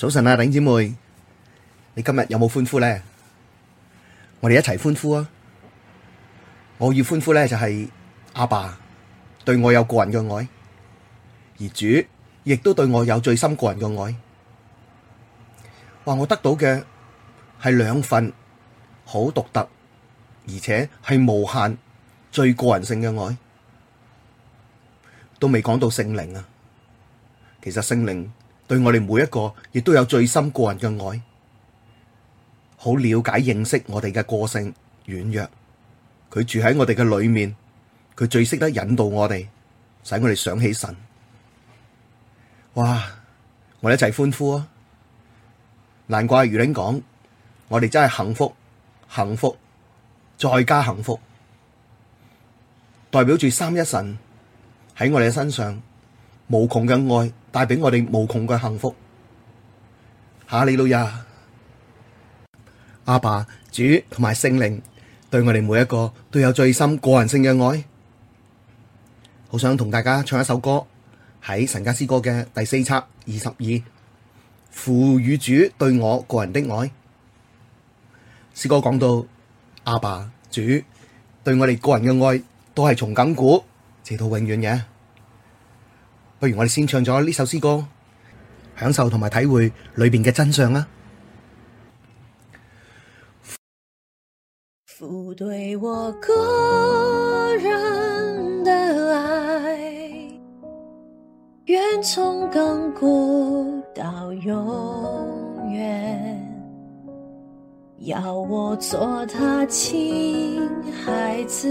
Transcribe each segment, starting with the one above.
早晨啊，頂姐妹，你今日有冇歡呼咧？我哋一齊歡呼啊！我要歡呼咧，就係阿爸對我有個人嘅愛，而主亦都對我有最深個人嘅愛。哇！我得到嘅係兩份好獨特，而且係無限最個人性嘅愛，都未講到聖靈啊！其實聖靈。對我哋每一個，亦都有最深個人嘅愛，好了解認識我哋嘅個性軟弱。佢住喺我哋嘅裏面，佢最識得引導我哋，使我哋想起神。哇！我哋一齊歡呼啊！難怪如領講，我哋真係幸福，幸福再加幸福，代表住三一神喺我哋嘅身上無窮嘅愛。帶畀我哋無窮嘅幸福，哈利路亞，阿爸主同埋聖靈對我哋每一個都有最深個人性嘅愛，好想同大家唱一首歌，喺神家詩歌嘅第四冊二十二，父與主對我個人的愛。詩歌講到阿爸主對我哋個人嘅愛都係從亙古直到永遠嘅。不如我哋先唱咗呢首詩歌，享受同埋體會裏邊嘅真相啦。父對我個人的愛，遠從亘古到永遠，要我做他親孩子。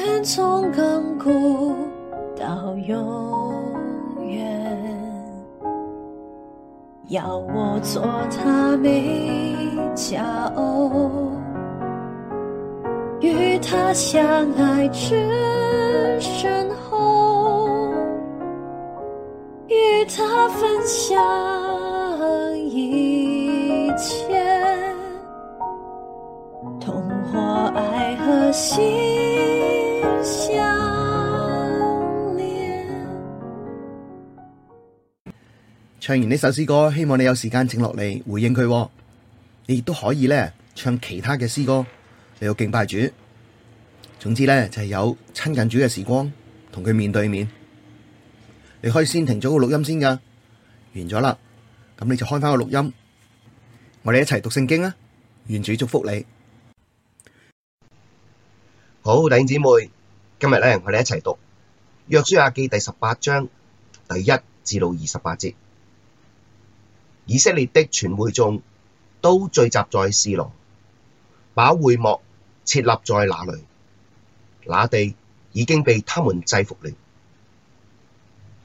遠從亙古到永遠，要我做他美佳偶，與他相愛至深厚，與他分享一切，同活愛河喜。唱完呢首詩歌，希望你有時間靜落嚟回應佢。你亦都可以咧唱其他嘅詩歌，你要敬拜主。總之咧就係，有親近主嘅時光，同佢面對面。你可以先停咗個錄音先噶，完咗啦，咁你就開翻個錄音，我哋一齊讀聖經啊。願主祝福你。好，弟兄姊妹，今日咧我哋一齊讀約書亞記第十八章第一至到二十八節。以色列的全會眾都聚集在示羅，把會幕設立在那裡。那地已經被他們制伏了。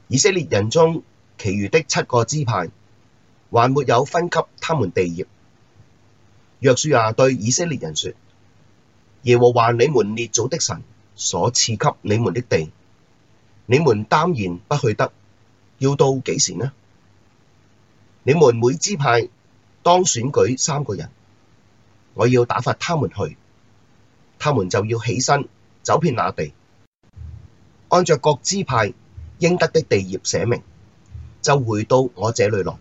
以色列人中其餘的七個支派還沒有分給他們地業。約書亞對以色列人說：耶和華你們列祖的神所賜給你們的地，你們耽延不去得，要到幾時呢？你們每支派當選舉三個人，我要打發他們去，他們就要起身走遍那地，按著各支派應得的地業寫明，就回到我這裡來。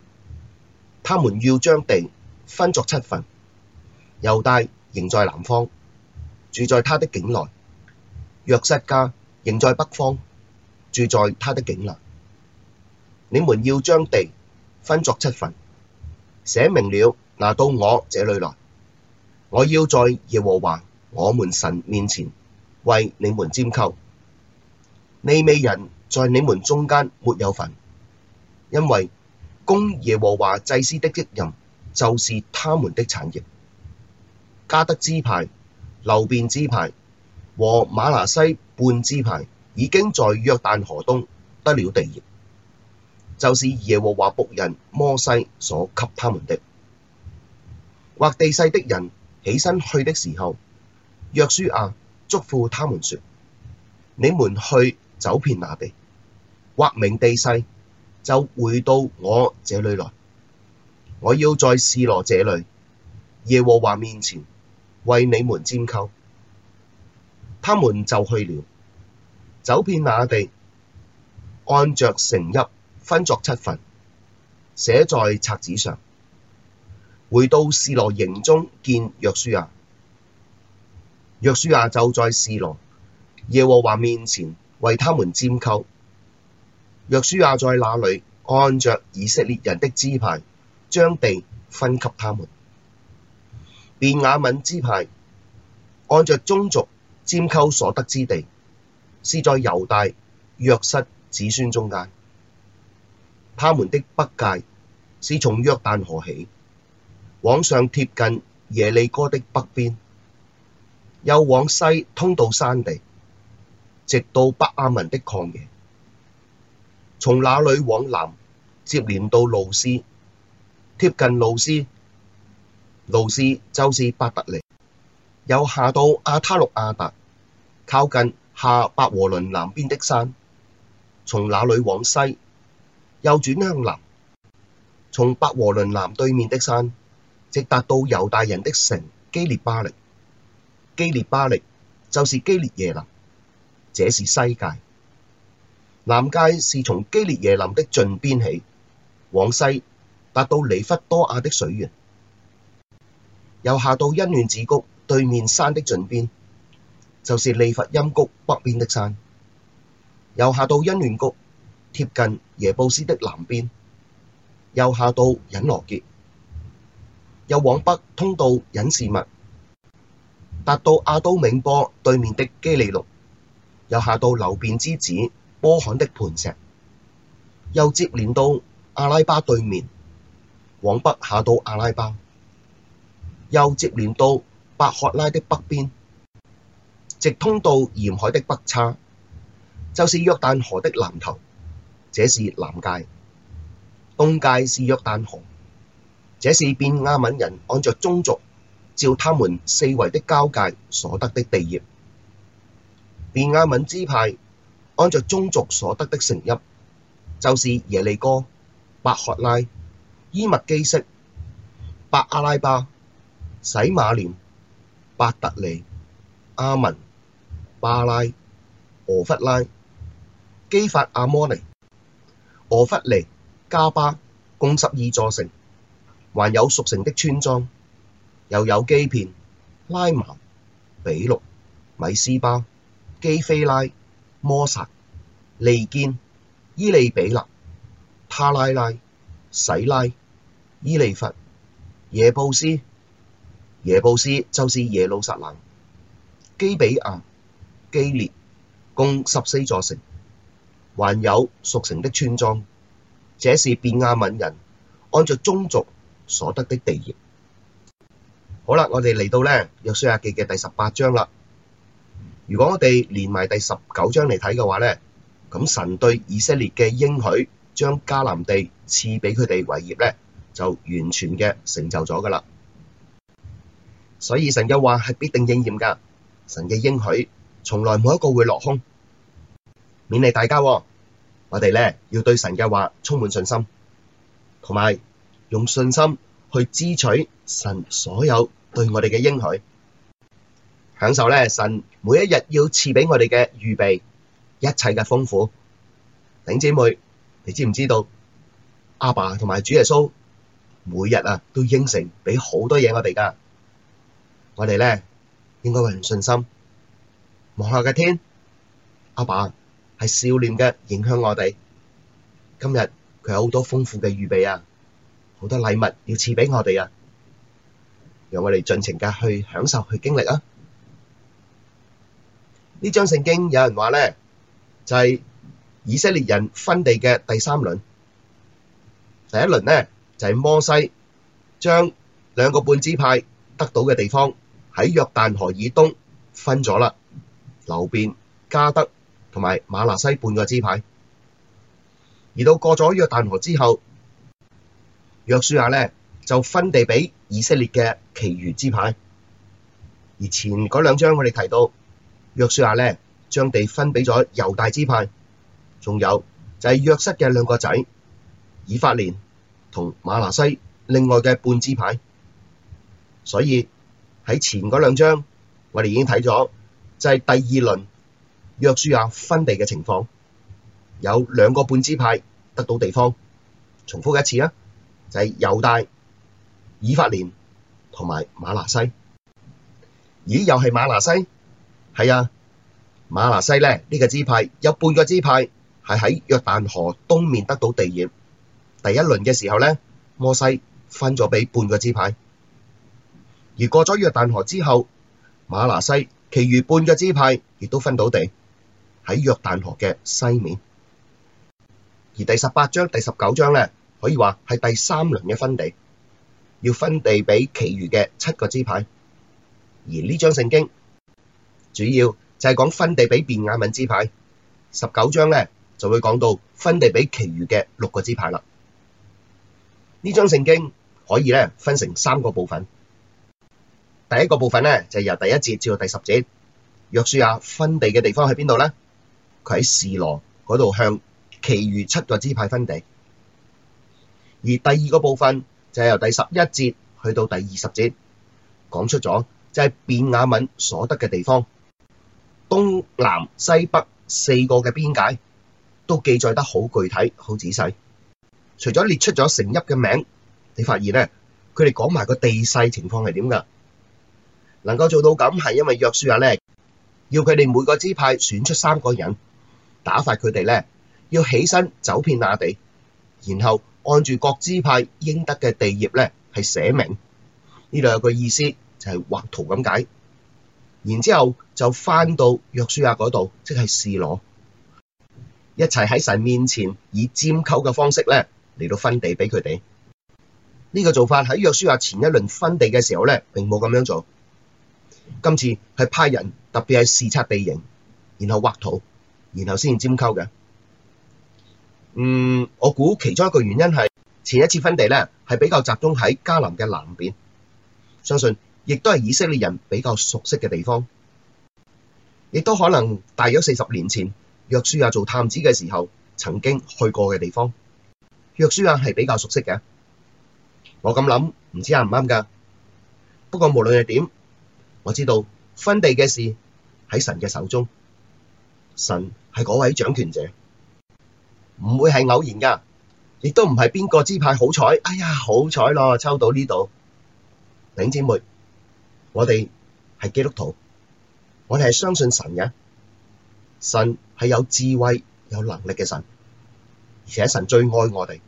他們要將地分作七份，猶大仍在南方，住在他的境內；約瑟家仍在北方，住在他的境內。你們要將地分作七分，寫明了，拿到我這裏來，我要在耶和華我們神面前為你們拈鬮。利未人在你們中間沒有份，因為供耶和華祭司的職任就是他們的產業。迦得支派、流便支派和瑪拿西半支派，已經在約但河東得了地業。就是耶和華僕人摩西所給他們的，劃地勢的人起身去的時候，約書亞囑咐他們說：你們去走遍那地，劃明地勢，就回到我這裏來。我要在示羅這裏，耶和華面前為你們拈鬮。他們就去了，走遍那地，按着城邑。分作七分，寫在冊子上。回到示羅營中，見約書亞，約書亞就在示羅耶和華面前為他們拈鬮。約書亞在那裏按着以色列人的支派，將地分給他們。便雅憫支派按着宗族拈鬮所得之地，是在猶大、約瑟子孫中間。他們的北界是從約但河起，往上貼近耶利哥的北邊，又往西通到山地，直到伯亞文的曠野。從那裏往南接連到路斯，貼近路斯，路斯就是伯特利，又下到亞他綠亞達，靠近下伯和崙南邊的山。從那裏往西，又轉向南，從伯和崙南對面的山，直達到猶大人的城基列巴力。基列巴力就是基列耶琳，這是西界。南界是從基列耶琳的盡邊起，往西達到尼弗多亞的水源，又下到欣嫩子谷對面山的盡邊，就是利乏音谷北邊的山，又下到欣嫩谷。貼近耶布斯的南邊，又下到隱羅結，又往北通到隱示麥，達到亞都冥坡對面的基利綠，又下到流便之子波罕的磐石，又接連到亞拉巴對面，往北下到亞拉巴，又接連到伯曷拉的北邊，直通到鹽海的北汊，就是約但河的南頭。這是南界，東界是約但河。這是便雅憫人按著宗族，照他們四圍的交界所得的地業。便雅憫支派按著宗族所得的城邑，就是耶利哥、伯曷拉、伊麥基悉、伯亞拉巴、洗瑪臉、伯特利、亞文、巴拉、俄弗拉、基法阿摩尼。俄弗尼、迦巴共十二座城，還有屬城的村莊，又有基遍、拉麻、比錄、米斯巴、基非拉、摩撒、利堅、伊利毘勒、他拉拉、洗拉、以利弗、耶布斯。耶布斯就是耶路撒冷。基比亞、基列共十四座城，還有屬城的村莊，這是便雅憫人按照宗族所得的地業。好啦，我哋嚟到呢約書亞記嘅第十八章啦。如果我哋連埋第十九章嚟睇嘅話呢，咁神對以色列嘅應許，將迦南地賜畀佢哋為業呢，就完全嘅成就咗噶啦。所以神嘅話係必定應驗噶，神嘅應許從來冇一個會落空。勉勵大家，我哋咧要對神嘅話充滿信心，同埋用信心去支取神所有對我哋嘅應許，享受咧神每一日要賜俾我哋嘅預備，一切嘅豐富。頂姐妹，你知唔知道阿爸同埋主耶穌每日啊都應承俾好多嘢我哋噶？我哋咧應該懷有信心望下個天，阿爸。係笑臉嘅影響我哋，今日佢有好多豐富嘅預備啊，好多禮物要賜俾我哋啊，讓我哋盡情嘅去享受去經歷啊！呢張聖經有人話咧，就係以色列人分地嘅第三輪，第一輪咧就係摩西將兩個半支派得到嘅地方喺約旦河以東分咗啦，流便、迦得。同埋馬拿西半個支派，而到過咗約旦河之後，約書亞咧就分地俾以色列嘅其餘支派。而前嗰兩章我哋提到，約書亞咧將地分俾咗猶大支派，仲有就係約瑟嘅兩個仔以法蓮同馬拿西另外嘅半支派。所以喺前嗰兩章我哋已經睇咗，就係第二輪。約書亞分地嘅情況，有兩個半支派得到地方。重複一次啊，就係、是、猶大、以法蓮同埋馬拿西。咦，又係馬拿西？係啊，馬拿西咧呢、這個支派有半個支派係喺約旦河東面得到地業。第一輪嘅時候咧，摩西分咗畀半個支派。而過咗約旦河之後，馬拿西其餘半個支派亦都分到地。喺約旦河嘅西面，而第十八章，第十九章咧，可以話係第三輪嘅分地，要分地俾其餘嘅七個支派。而呢章聖經主要就係講分地俾便雅憫支派，十九章咧就會講到分地俾其餘嘅六個支派啦。呢章聖經可以咧分成三個部分，第一個部分咧就係由第一節至到第十節，約書亞分地嘅地方喺邊度咧？佢喺示羅嗰度向其餘七個支派分地，而第二個部分就係由第十一節去到第二十節，講出咗即係便雅憫所得嘅地方東，東南西北四個嘅邊界都記載得好具體、好仔細。除咗列出咗城邑嘅名，你發現咧，佢哋講埋個地勢情況係點噶？能夠做到咁係因為約書亞咧，要佢哋每個支派選出三個人。打發佢哋咧，要起身走遍那地，然後按住各支派應得嘅地業咧，係寫明。呢兩個意思就係、是、畫圖咁解，然之後就翻到約書亞嗰度，即係示羅，一齊喺神面前以拈鬮嘅方式咧嚟到分地俾佢哋。呢、這個做法喺約書亞前一輪分地嘅時候咧並冇咁樣做，今次係派人特別係視察地形，然後畫圖。然後先至拈鬮嘅。嗯，我估其中一個原因係前一次分地咧係比較集中喺加林嘅南邊，相信亦都係以色列人比較熟悉嘅地方，亦都可能大約四十年前約書亞做探子嘅時候曾經去過嘅地方，約書亞係比較熟悉嘅，我咁諗唔知啱唔啱㗎，不過無論係點，我知道分地嘅事喺神嘅手中，神。係嗰位掌權者，唔會係偶然噶，亦都唔係邊個支派好彩。哎呀，好彩咯，抽到呢度。弟兄姊妹，我哋係基督徒，我哋係相信神嘅，神係有智慧、有能力嘅神，而且神最愛我哋。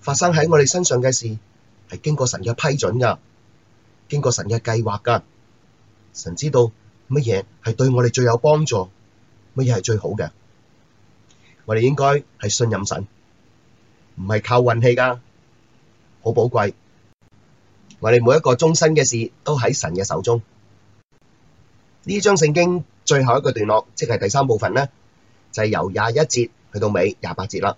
發生喺我哋身上嘅事係經過神嘅批准噶，經過神嘅計劃噶。神知道乜嘢係對我哋最有幫助。乜嘢係最好嘅？我哋應該係信任神，唔係靠運氣噶，好寶貴。我哋每一個終身嘅事都喺神嘅手中。呢張聖經最後一個段落，即係第三部分咧，就係由廿一節去到尾廿八節啦，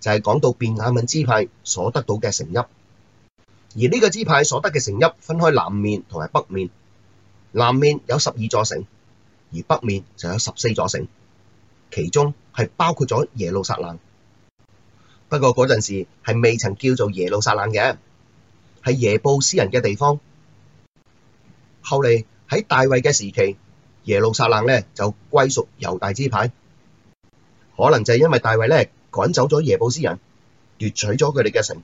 就係講到便雅憫支派所得到嘅城邑，而呢個支派所得嘅城邑分開南面同埋北面，南面有十二座城。而北面就有十四座城，其中係包括咗耶路撒冷。不過嗰陣時係未曾叫做耶路撒冷嘅，係耶布斯人嘅地方。後嚟喺大衛嘅時期，耶路撒冷呢就歸屬猶大支派，可能就係因為大衛呢趕走咗耶布斯人，奪取咗佢哋嘅城，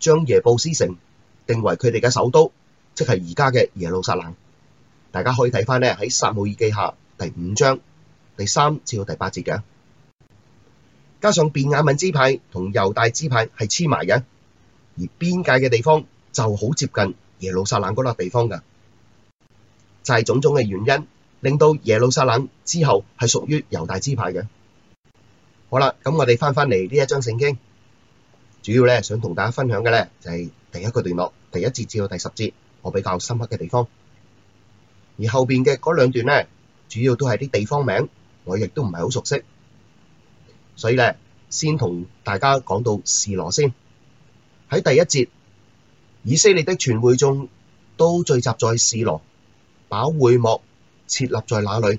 將耶布斯城定為佢哋嘅首都，即係而家嘅耶路撒冷。大家可以睇翻呢，喺撒母耳記下第五章第三至到第八節嘅，加上便雅憫支派同猶大支派係黐埋嘅，而邊界嘅地方就好接近耶路撒冷嗰笪地方噶，就係種種嘅原因令到耶路撒冷之後係屬於猶大支派嘅。好啦，咁我哋翻返嚟呢一章聖經，主要呢想同大家分享嘅呢就係第一個段落，第一節至到第十節，我比較深刻嘅地方。而後面嘅嗰兩段呢，主要都係啲地方名，我亦都唔係好熟悉，所以呢，先同大家講到示羅先。喺第一節，以色列的全會眾都聚集在示羅，把會幕設立在那裡，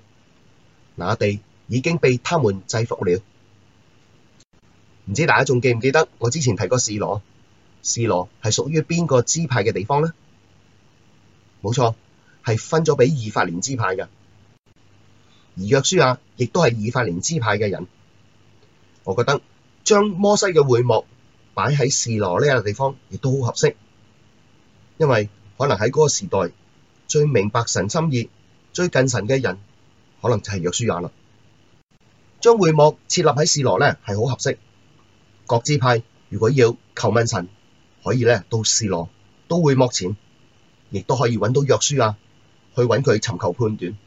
那地已經被他們制伏了。唔知大家仲記唔記得我之前提過示羅？示羅係屬於邊個支派嘅地方呢？冇錯。係分咗俾以法蓮支派嘅，而約書亞亦都係以法蓮支派嘅人。我覺得將摩西嘅會幕擺喺示羅呢個地方，亦都好合適，因為可能喺嗰個時代最明白神心意、最近神嘅人，可能就係約書亞啦。將會幕設立喺示羅咧，係好合適。各支派如果要求問神，可以咧到示羅，都會幕前，亦都可以揾到約書亞。去揾佢尋求判斷。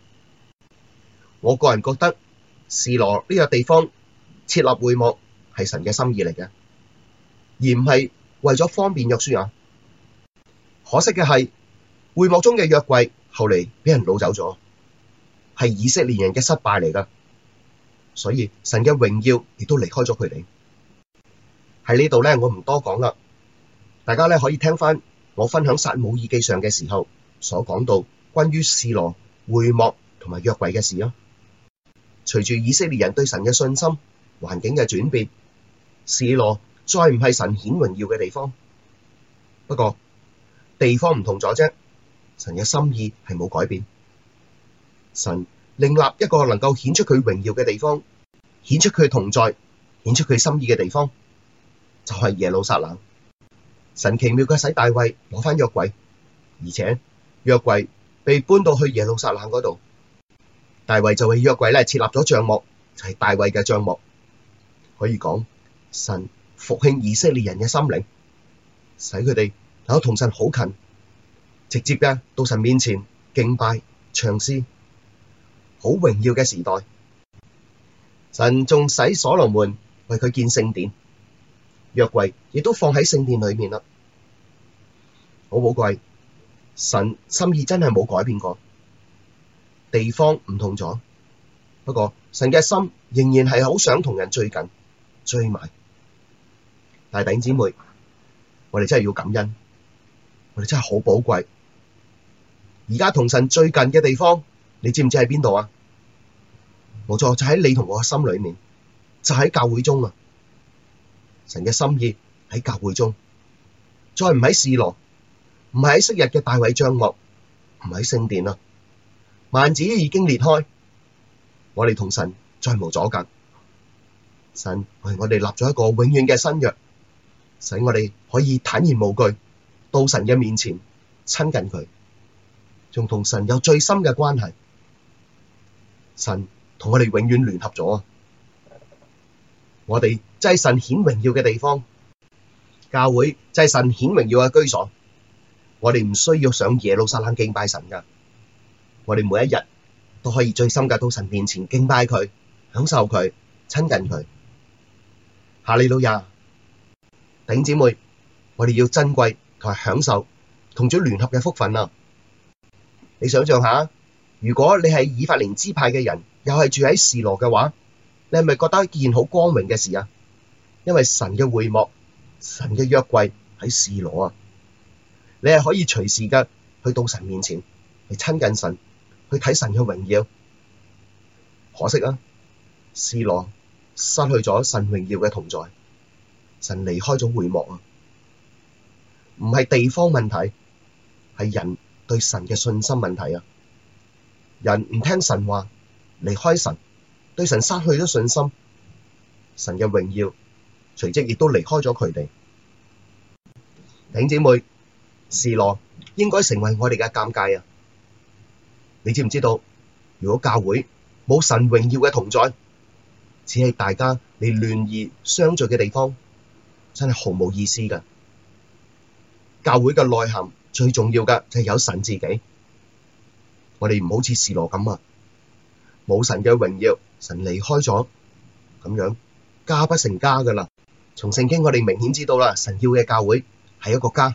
我個人覺得示羅呢個地方設立會幕係神嘅心意嚟嘅，而唔係為咗方便約書亞啊，可惜嘅係會幕中嘅約櫃後嚟俾人擄走咗，係以色列人嘅失敗嚟噶。所以神嘅榮耀亦都離開咗佢哋。喺呢度咧，我唔多講啦，大家咧可以聽翻我分享撒母耳記上嘅時候所講到。關於示羅會幕同埋約櫃嘅事咯，隨住以色列人對神嘅信心環境嘅轉變，示羅再唔係神顯榮耀嘅地方，不過地方唔同咗啫。神嘅心意係冇改變，神另立一個能夠顯出佢榮耀嘅地方，顯出佢同在，顯出佢心意嘅地方就係耶路撒冷。神奇妙嘅使大衛攞翻約櫃，而且約櫃。被搬到去耶路撒冷嗰度，大衛就為約櫃咧設立咗帳幕，就係大衛嘅帳幕。可以講，神復興以色列人嘅心靈，使佢哋能夠同神好近，直接嘅到神面前敬拜、唱詩，好榮耀嘅時代。神仲使所羅門為佢建聖殿，約櫃亦都放喺聖殿裏面啦，好寶貴。神心意真係冇改變過，地方唔同咗，不過神嘅心仍然係好想同人最近最埋。弟兄姊妹，我哋真係要感恩，我哋真係好寶貴。而家同神最近嘅地方，你知唔知喺邊度啊？冇錯，就喺你同我嘅心裏面，就喺教會中啊！神嘅心意喺教會中，再唔喺示羅。唔係喺昔日嘅大衛帳幕，唔係聖殿啊，幔子已經裂開，我哋同神再無阻隔。神為我哋立咗一個永遠嘅新約，使我哋可以坦然無懼到神嘅面前親近佢，仲同神有最深嘅關係。神同我哋永遠聯合咗，我哋即係神顯榮耀嘅地方，教會即係神顯榮耀嘅居所。我哋唔需要上耶路撒冷敬拜神噶，我哋每一日都可以最深嘅到神面前敬拜佢，享受佢，親近佢。哈利路亞，頂姐妹，我哋要珍貴同埋享受同主聯合嘅福分啊！你想象下，如果你係以法蓮支派嘅人，又係住喺示羅嘅話，你係咪覺得一件好光榮嘅事啊？因為神嘅會幕、神嘅約櫃喺示羅啊！你係可以隨時噶去到神面前去親近神，去睇神嘅榮耀。可惜啊，示羅，失去咗神榮耀嘅同在，神離開咗會幕啊！唔係地方問題，係人對神嘅信心問題啊！人唔聽神話，離開神，對神失去咗信心，神嘅榮耀隨即亦都離開咗佢哋。弟兄姊妹。示羅應該成為我哋嘅尷尬啊！你知唔知道？如果教會冇神榮耀嘅同在，只係大家你亂而相聚嘅地方，真係毫無意思噶！教會嘅內涵最重要嘅就係有神自己。我哋唔好似示羅咁啊，冇神嘅榮耀，神離開咗，咁樣家不成家噶啦！從聖經我哋明顯知道啦，神要嘅教會係一個家。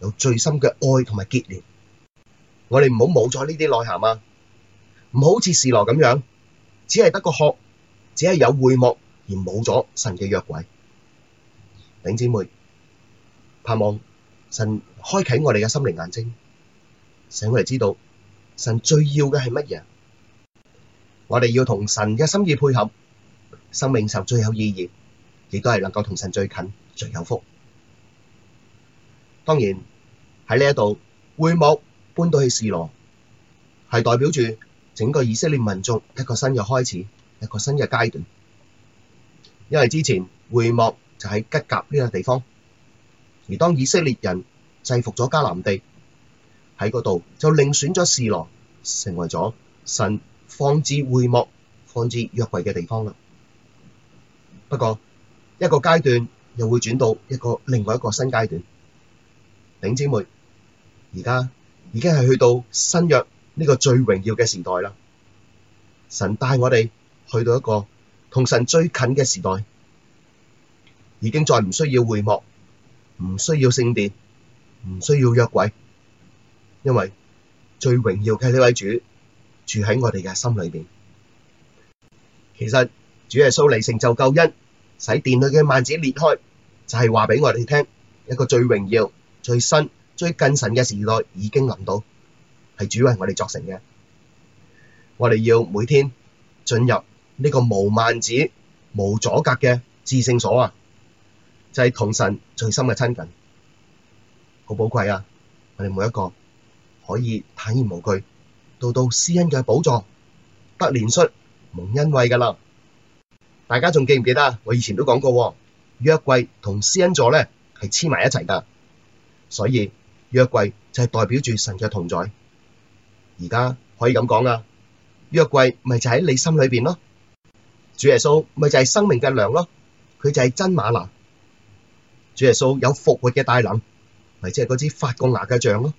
有最深嘅愛同埋結連，我哋唔好冇咗呢啲內涵啊！唔好似示羅咁樣，只係得個殼，只係有會幕而冇咗神嘅約櫃。弟兄姊妹，盼望神開啟我哋嘅心靈眼睛，醒我哋知道神最要嘅係乜嘢。我哋要同神嘅心意配合，生命就最有意義，亦都係能夠同神最近、最有福。當然喺呢一度會幕搬到去示羅，係代表住整個以色列民眾一個新嘅開始，一個新嘅階段。因為之前會幕就喺吉甲呢個地方，而當以色列人制服咗迦南地喺嗰度，就另選咗示羅成為咗神放置會幕、放置約櫃嘅地方啦。不過一個階段又會轉到一個另外一個新階段。頂姐妹，而家已經係去到新約呢個最榮耀嘅時代啦。神帶我哋去到一個同神最近嘅時代，已經再唔需要會幕，唔需要聖殿，唔需要約櫃，因為最榮耀嘅呢位主住喺我哋嘅心裏邊。其實主耶穌嚟成就救恩，使殿裏嘅幔子裂開，就係話畀我哋聽一個最榮耀。最新、最近神嘅時代已經臨到，係主為我哋作成嘅。我哋要每天進入呢個無幔子、無阻隔嘅至聖所啊，就係、是、同神最深嘅親近，好寶貴啊！我哋每一個可以坦然無懼，到到施恩嘅寶座，得憐恤、蒙恩惠嘅啦。大家仲記唔記得？我以前都講過，約櫃同施恩座咧係黐埋一齊㗎。所以約櫃就係代表住神嘅同在，而家可以咁講啊，約櫃咪就喺你心裏邊咯，主耶穌咪就係生命嘅糧咯，佢就係真馬拿，主耶穌有復活嘅大能，咪即係嗰支發過芽嘅杖咯，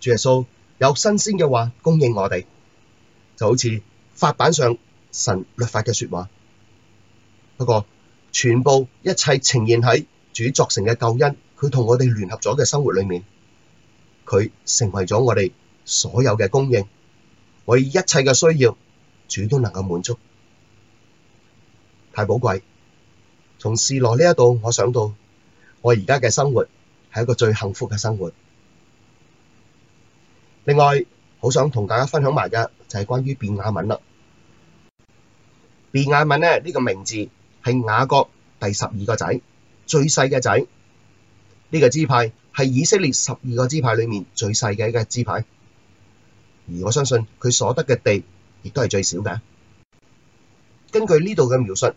主耶穌有新鮮嘅話供應我哋，就好似法版上神律法嘅說話，不過全部一切呈現喺主作成嘅救恩。佢同我哋聯合咗嘅生活裏面，佢成為咗我哋所有嘅供應，我以一切嘅需要，主都能夠滿足，太寶貴。從視落呢一度，我想到我而家嘅生活係一個最幸福嘅生活。另外，好想同大家分享埋嘅就係、是、關於便雅憫啦。便雅憫呢，呢、這個名字係雅各第十二個仔，最細嘅仔。呢個支派係以色列十二個支派裡面最細嘅一個支派，而我相信佢所得嘅地亦都係最少嘅。根據呢度嘅描述，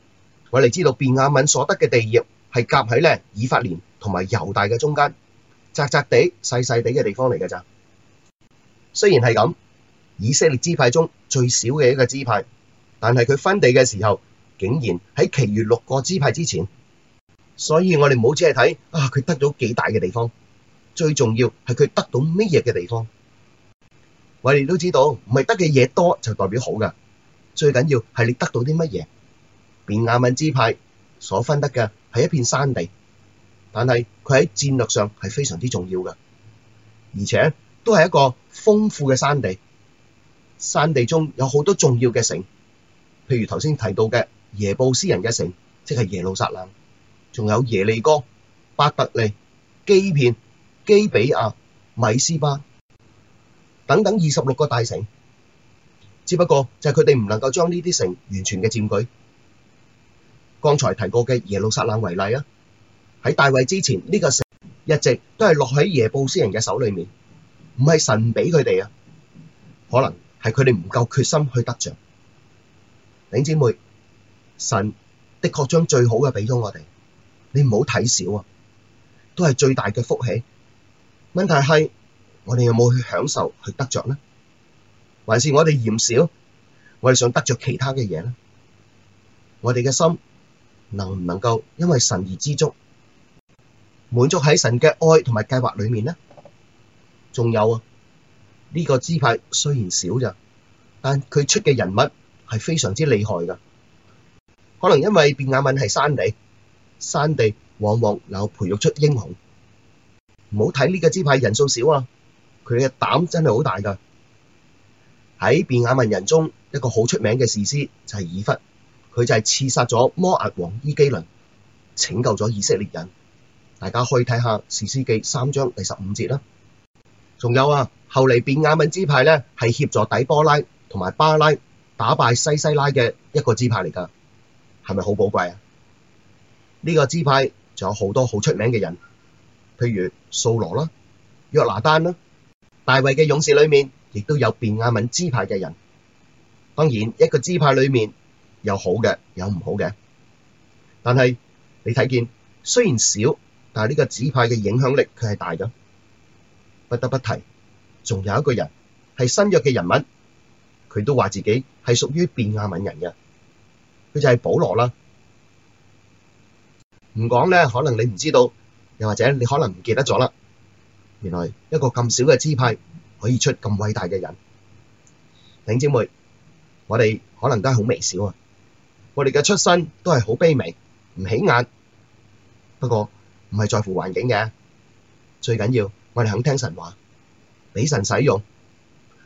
我哋知道便雅憫所得嘅地業係夾喺咧以法蓮同埋猶大嘅中間，窄窄地，細細地嘅地方嚟嘅咋。雖然係咁，以色列支派中最少嘅一個支派，但係佢分地嘅時候，竟然喺其餘六個支派之前。所以我哋唔好只係睇啊，佢得到幾大嘅地方，最重要係佢得到乜嘢嘅地方。我哋都知道，唔係得嘅嘢多就代表好噶最緊要係你得到啲乜嘢。便雅憫支派所分得嘅係一片山地，但係佢喺戰略上係非常之重要噶，而且都係一個豐富嘅山地。山地中有好多重要嘅城，譬如頭先提到嘅耶布斯人嘅城，即係耶路撒冷。仲有耶利哥、伯特利、基遍、基比亞、米斯巴等等二十六個大城，只不過就係佢哋唔能夠將呢啲城完全嘅佔據。剛才提過嘅耶路撒冷為例啊，喺大衛之前呢個城一直都係落喺耶布斯人嘅手裏面，唔係神俾佢哋啊，可能係佢哋唔夠決心去得着。弟兄姊妹，神的確將最好嘅俾咗我哋。你唔好睇少啊，都係最大嘅福氣。問題係我哋有冇去享受去得着呢？還是我哋嫌少，我哋想得着其他嘅嘢呢？我哋嘅心能唔能夠因為神而知足，滿足喺神嘅愛同埋計劃裏面呢？仲有啊，呢個支派雖然少咋，但佢出嘅人物係非常之厲害噶。可能因為便雅憫係山地。山地往往有培育出英雄。唔好睇呢個支派人數少啊，佢嘅膽真係好大㗎。喺便雅憫人中，一個好出名嘅士師就係以弗，佢就係刺殺咗摩押王伊基倫，拯救咗以色列人。大家可以睇下士師記三章第十五節啦。仲有啊，後嚟便雅憫支派咧係協助底波拉同埋巴拉打敗西西拉嘅一個支派嚟㗎，係咪好寶貴啊？呢個支派仲有好多好出名嘅人，譬如掃羅啦、約拿單啦，大衛嘅勇士裏面亦都有便雅憫支派嘅人。當然一個支派裏面有好嘅，有唔好嘅。但係你睇見，雖然少，但係呢個支派嘅影響力佢係大嘅，不得不提。仲有一個人係新約嘅人物，佢都話自己係屬於便雅憫人嘅，佢就係保羅啦。唔講咧，可能你唔知道，又或者你可能唔記得咗啦。原來一個咁少嘅支派，可以出咁偉大嘅人。弟兄姊妹，我哋可能都係好微小啊，我哋嘅出身都係好卑微、唔起眼。不過唔係在乎環境嘅，最緊要我哋肯聽神話，俾神使用，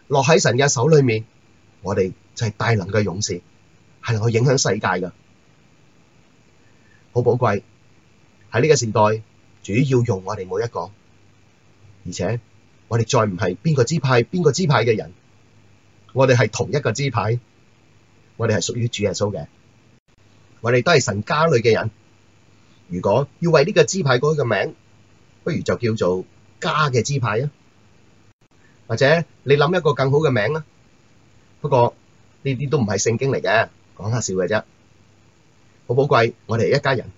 落喺神嘅手裏面，我哋就係大能嘅勇士，係能去影響世界噶，好寶貴。喺呢個時代，主要用我哋每一個，而且我哋再唔係邊個支派邊個支派嘅人，我哋係同一個支派，我哋係屬於主耶穌嘅，我哋都係神家裏嘅人。如果要為呢個支派改個名，不如就叫做家嘅支派啊，或者你諗一個更好嘅名啦。不過呢啲都唔係聖經嚟嘅，講下笑嘅啫。好寶貴，我哋係一家人。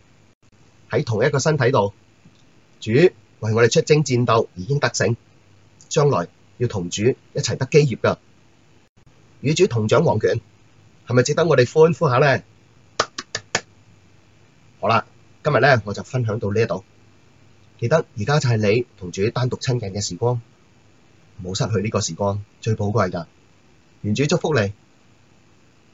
喺同一個身體度，主為我哋出征戰鬥已經得勝，將來要同主一齊得基業噶，與主同掌王權，係咪值得我哋歡呼下咧？好啦，今日咧我就分享到呢一度，記得而家就係你同主單獨親近嘅時光，唔好失去呢個時光，最寶貴噶，願主祝福你。